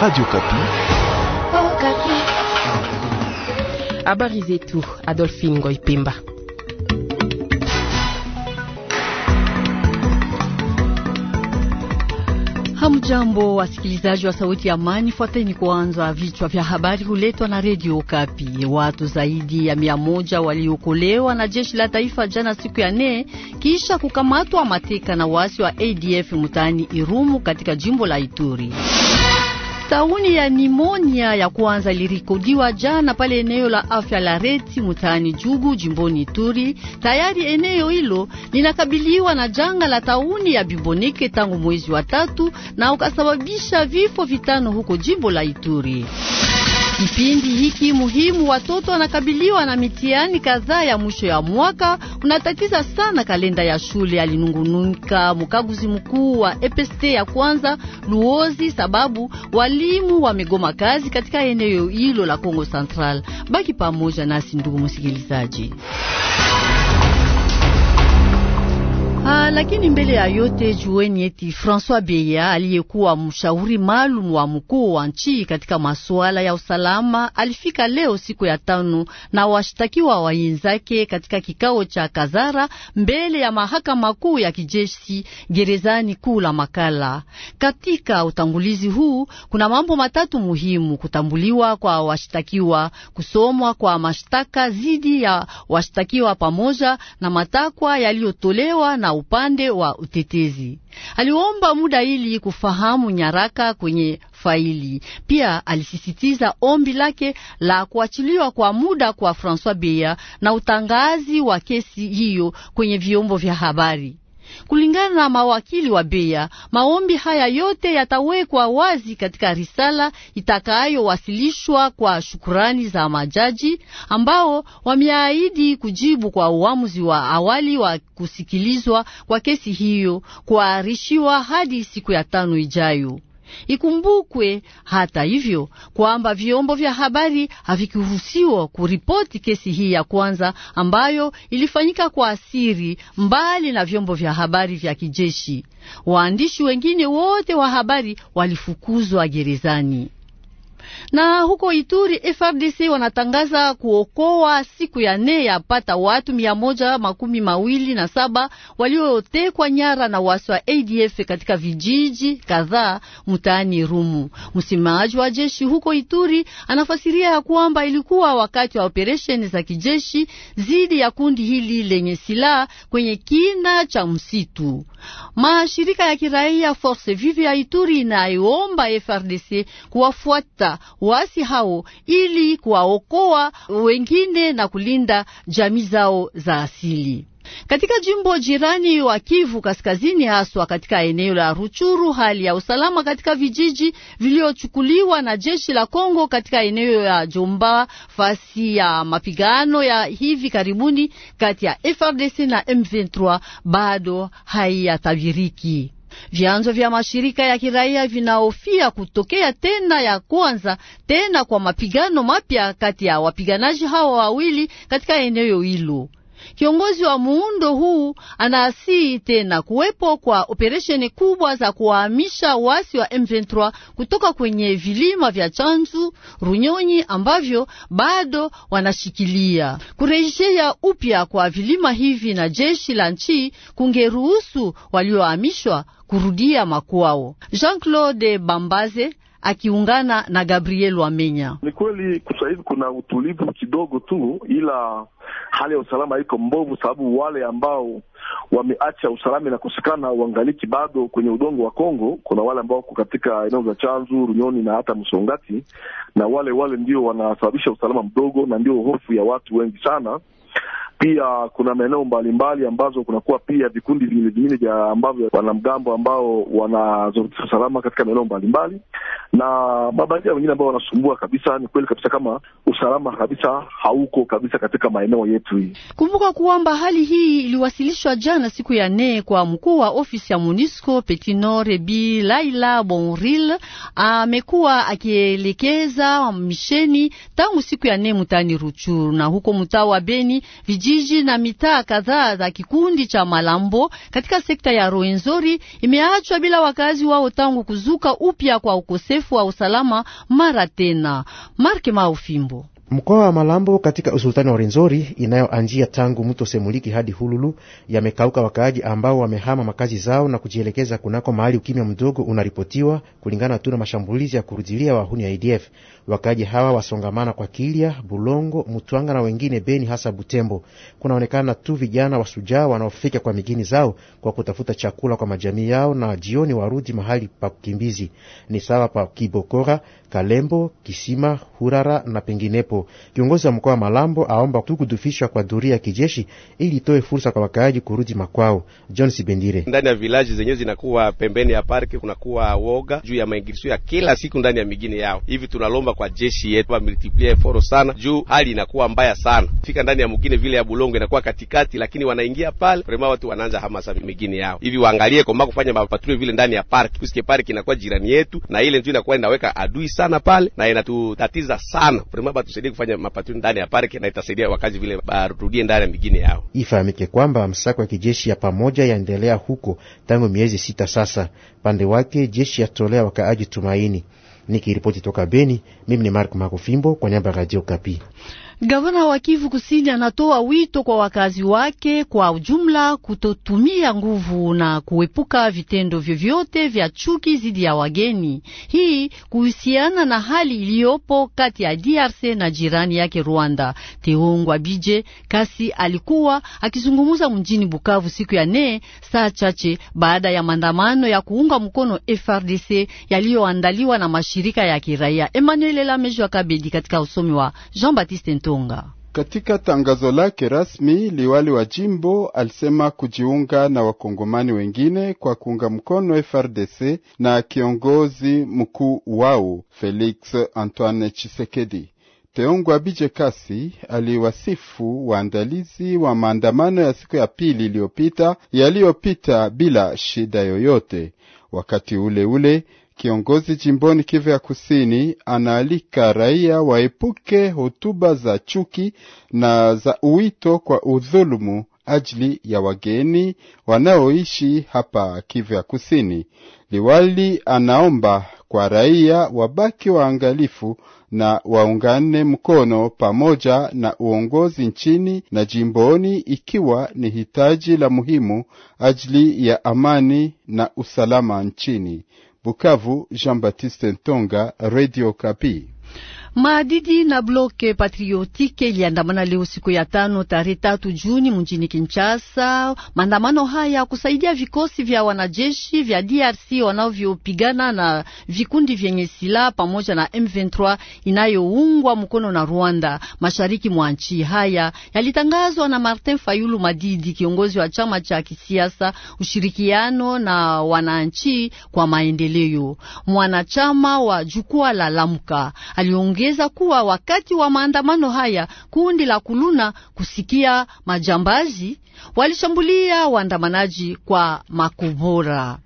Radio Kapi. Oh, Kapi. Habari zetu Adolphine Ngoipemba. Hamjambo, wasikilizaji wa Sauti ya Amani, fuateni kuanza vichwa vya habari huletwa na Redio Kapi. Watu zaidi ya mia moja waliokolewa na jeshi la taifa jana siku ya nne kisha kukamatwa mateka na wasi wa ADF mtaani Irumu katika jimbo la Ituri. Tauni ya nimonia ya kwanza ilirikodiwa jana pale eneo la afya la Reti mtaani Jugu jimboni Ituri. Tayari eneo hilo linakabiliwa na janga la tauni ya biboneke tangu mwezi wa tatu na ukasababisha vifo vitano huko jimbo la Ituri. Kipindi hiki muhimu, watoto wanakabiliwa na mitihani kadhaa ya mwisho ya mwaka, unatatiza sana kalenda ya shule, alinungunuka mkaguzi mkuu wa EPST ya kwanza Luozi, sababu walimu wamegoma kazi katika eneo hilo la Kongo Central. Baki pamoja nasi ndugu msikilizaji. Ah, lakini mbele ya yote jueni eti François Beya aliyekuwa mshauri maalum wa mkuu wa nchi katika masuala ya usalama alifika leo siku ya tano na washtakiwa wenzake katika kikao cha Kazara mbele ya mahakama kuu ya kijeshi gerezani kuu la Makala. Katika utangulizi huu kuna mambo matatu muhimu: kutambuliwa kwa washtakiwa, kusomwa kwa mashtaka dhidi ya washtakiwa pamoja na matakwa yaliyotolewa na upande wa utetezi. Aliomba muda ili kufahamu nyaraka kwenye faili. Pia alisisitiza ombi lake la kuachiliwa kwa muda kwa François beya na utangazi wa kesi hiyo kwenye vyombo vya habari. Kulingana na mawakili wa Beya, maombi haya yote yatawekwa wazi katika risala itakayowasilishwa kwa shukurani za majaji ambao wameahidi kujibu kwa uamuzi wa awali wa kusikilizwa kwa kesi hiyo kuahirishiwa hadi siku ya tano ijayo. Ikumbukwe hata hivyo kwamba vyombo vya habari havikuruhusiwa kuripoti kesi hii ya kwanza ambayo ilifanyika kwa asiri, mbali na vyombo vya habari vya kijeshi. Waandishi wengine wote wa habari walifukuzwa gerezani. Na huko Ituri, FRDC wanatangaza kuokoa siku ya nne ya pata watu mia moja makumi mawili na saba waliotekwa nyara na waswa wa ADF katika vijiji kadhaa mtaani Rumu. Msemaji wa jeshi huko Ituri anafasiria ya kwamba ilikuwa wakati wa operesheni za kijeshi dhidi ya kundi hili lenye silaha kwenye kina cha msitu. Mashirika ya kiraia Force Vive ya Ituri inayoomba FRDC kuwafuata waasi hao ili kuwaokoa wengine na kulinda jamii zao za asili. Katika jimbo jirani wa Kivu Kaskazini, haswa katika eneo la Ruchuru, hali ya usalama katika vijiji viliochukuliwa na jeshi la Kongo katika eneo ya Jomba, fasi ya mapigano ya hivi karibuni kati ya FRDC na M23 bado haiyatabiriki. Vyanzo vya mashirika ya kiraia vinahofia kutokea tena ya kwanza tena kwa mapigano mapya kati ya wapiganaji hawa wawili katika eneo hilo. Kiongozi wa muundo huu anaasii tena kuwepo kwa operesheni kubwa za kuwahamisha wasi wa M23 kutoka kwenye vilima vya Chanzu, Runyonyi ambavyo bado wanashikilia. Kurejea upya kwa vilima hivi na jeshi la nchi kungeruhusu waliohamishwa kurudia makwao. Jean-Claude Bambaze akiungana na Gabriel Wamenya. Ni kweli kwa hivi kuna utulivu kidogo tu, ila hali ya usalama iko mbovu, sababu wale ambao wameacha usalama inakosekana uangaliki bado kwenye udongo wa Kongo. Kuna wale ambao wako katika eneo za Chanzu, Runyoni na hata Msongati, na wale wale ndio wanasababisha usalama mdogo na ndio hofu ya watu wengi sana. Pia kuna maeneo mbalimbali ambazo kunakuwa pia vikundi vingine vingine vya ambavyo wanamgambo ambao wanazorotesha usalama katika maeneo mbalimbali, na mabandia wengine ambao wanasumbua kabisa. Ni kweli kabisa kama usalama kabisa hauko kabisa katika maeneo yetu hii. Kumbuka kwamba hali hii iliwasilishwa jana siku ya nne kwa mkuu wa ofisi ya MONUSCO Petinor Bi Laila Bonril amekuwa akielekeza misheni tangu siku ya nne mtaani Ruchuru na huko mtaa wa Beni vijini vijiji na mitaa kadhaa za kikundi cha Malambo katika sekta ya roenzori imeachwa bila wakazi wao tangu kuzuka upya kwa ukosefu wa usalama mara tena. Mark Maufimbo Mkoa wa Malambo katika usultani wa Renzori inayoanjia tangu mto Semuliki hadi Hululu yamekauka wakaaji ambao wamehama makazi zao na kujielekeza kunako mahali ukimya mdogo unaripotiwa kulingana tu na mashambulizi ya kurudilia wahuni ya ADF. Wakaaji hawa wasongamana kwa Kilya, Bulongo, Mutwanga na wengine Beni, hasa Butembo. Kunaonekana tu vijana wasujaa wanaofika kwa migini zao kwa kutafuta chakula kwa majamii yao, na jioni warudi mahali pa kukimbizi ni sawa pa Kibokora, Kalembo, Kisima, Hurara na penginepo. Kiongozi wa mkoa wa Malambo aomba tu kudufishwa kwa duria ya kijeshi ili itoe fursa kwa wakaaji kurudi makwao. John Sibendire: ndani ya vilaji zenyewe zinakuwa pembeni ya parki, kunakuwa woga juu ya maingirisho ya kila siku ndani ya migini yao. Hivi tunalomba kwa jeshi yetu multiplier foro sana, juu hali inakuwa mbaya sana. Fika ndani ya mugine vile ya Bulongo inakuwa katikati, lakini wanaingia pale vrema, watu wanaanza hamasa migini yao. Hivi waangalie koma kufanya mapatulio vile ndani ya parki, kusike parki inakuwa jirani yetu, na ile ndio inakuwa inaweka adui sana pale na inatutatiza sana vrema, batusaidie waendelee kufanya mapatrio ndani ya parki na itasaidia wakazi vile barudie ndani ya migine yao. Ifahamike kwamba msako ya kijeshi ya pamoja yaendelea huko tangu miezi sita sasa. Pande wake jeshi yatolea wakaaji tumaini. Nikiripoti toka Beni, mimi ni Mark Makofimbo kwa niaba ya Radio Kapi. Gavana wa Kivu Kusini anatoa wito kwa wakazi wake kwa ujumla kutotumia nguvu na kuepuka vitendo vyovyote vya chuki dhidi ya wageni. Hii kuhusiana na hali iliyopo kati ya DRC na jirani yake Rwanda. Teongwa Bije Kasi alikuwa akizungumza mjini Bukavu siku ya nne, saa chache baada ya maandamano ya kuunga mkono FRDC yaliyoandaliwa na mashirika ya kiraia. Emmanuel Lamejo Kabedi katika usomi wa Jean Baptiste Kitunga. Katika tangazo lake rasmi, liwali wa jimbo alisema kujiunga na wakongomani wengine kwa kuunga mkono FRDC na kiongozi mkuu wao Felix Antoine chisekedi Teongwa Bije Kasi aliwasifu waandalizi wa maandamano ya siku ya pili iliyopita yaliyopita bila shida yoyote. Wakati ule ule Kiongozi jimboni Kivu ya Kusini anaalika raia waepuke hotuba za chuki na za uwito kwa udhulumu ajili ya wageni wanaoishi hapa Kivu ya Kusini. Liwali anaomba kwa raia wabaki waangalifu na waungane mkono pamoja na uongozi nchini na jimboni, ikiwa ni hitaji la muhimu ajili ya amani na usalama nchini. Bukavu, Jean Baptiste Ntonga, Radio Kapi. Maadidi na bloke patriotike iliandamana leo siku ya tano tarehe tatu Juni mjini Kinshasa. Maandamano haya kusaidia vikosi vya wanajeshi vya DRC wanavyopigana na vikundi vyenye silaha pamoja na M23 inayoungwa mkono na Rwanda mashariki mwa nchi. Haya yalitangazwa na Martin Fayulu Madidi, kiongozi wa chama cha kisiasa ushirikiano na wananchi kwa maendeleo, mwanachama wa jukwaa la Lamuka. Aliongea Aliongeza kuwa wakati wa maandamano haya kundi la kuluna kusikia majambazi walishambulia waandamanaji kwa makubora.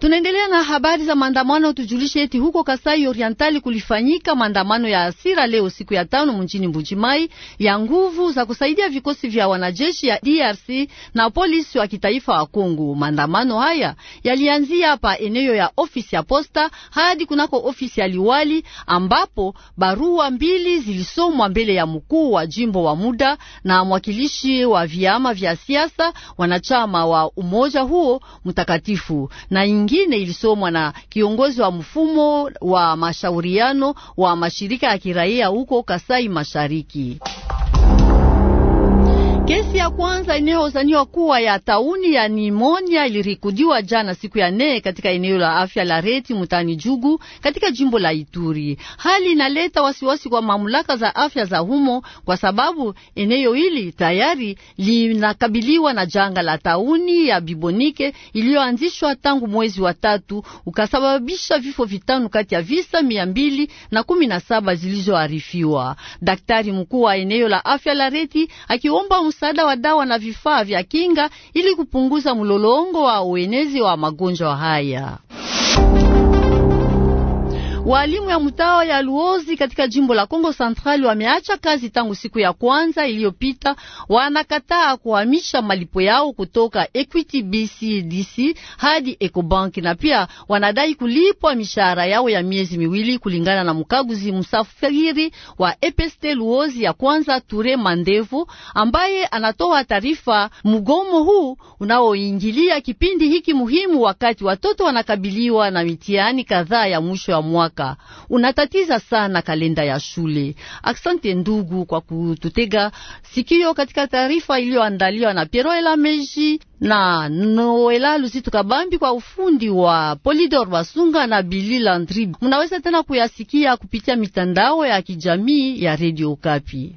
Tunaendelea na habari za maandamano. Tujulishe eti huko Kasai Orientali kulifanyika maandamano ya asira leo siku ya tano mjini Mbujimai ya nguvu za kusaidia vikosi vya wanajeshi ya DRC na polisi wa kitaifa wa Kongo. Maandamano haya yalianzia hapa eneo ya ofisi ya posta hadi kunako ofisi ya liwali ambapo barua mbili zilisomwa mbele ya mkuu wa jimbo wa muda na mwakilishi wa vyama vya siasa wanachama wa umoja huo mtakatifu na mengine ilisomwa na kiongozi wa mfumo wa mashauriano wa mashirika ya kiraia huko Kasai Mashariki. Kesi ya kwanza inayozaniwa kuwa ya tauni ya nimonia ilirikudiwa jana siku ya nne katika eneo la afya la Reti mutani Jugu katika jimbo la Ituri. Hali inaleta wasiwasi kwa mamlaka za afya za humo kwa sababu eneo hili tayari linakabiliwa na janga la tauni ya bibonike iliyoanzishwa tangu mwezi wa tatu, ukasababisha vifo vitano kati ya visa mia mbili na kumi na saba zilizoarifiwa. Daktari mkuu wa eneo la afya la Reti akiomba msaada msaada wa dawa na vifaa vya kinga ili kupunguza mlolongo wa uenezi wa magonjwa haya. Walimu ya mtawa ya Luozi katika jimbo la Kongo Central wameacha kazi tangu siku ya kwanza iliyopita. Wanakataa kuhamisha malipo yao kutoka Equity BCDC hadi Ecobank na pia wanadai kulipwa mishahara yao ya miezi miwili, kulingana na mkaguzi msafiri wa EPST Luozi ya kwanza Ture Mandevu, ambaye anatoa taarifa. Mgomo huu unaoingilia kipindi hiki muhimu, wakati watoto wanakabiliwa na mitihani kadhaa ya mwisho wa mwaka mpaka unatatiza sana kalenda ya shule. Aksante ndugu kwa kututega sikio katika taarifa iliyoandaliwa na Piero Ela Meji na Noela Lusitu Kabambi kwa ufundi wa Polidor Basunga na bili Landri. Munaweza tena kuyasikia kupitia mitandao ya kijamii ya redio Kapi.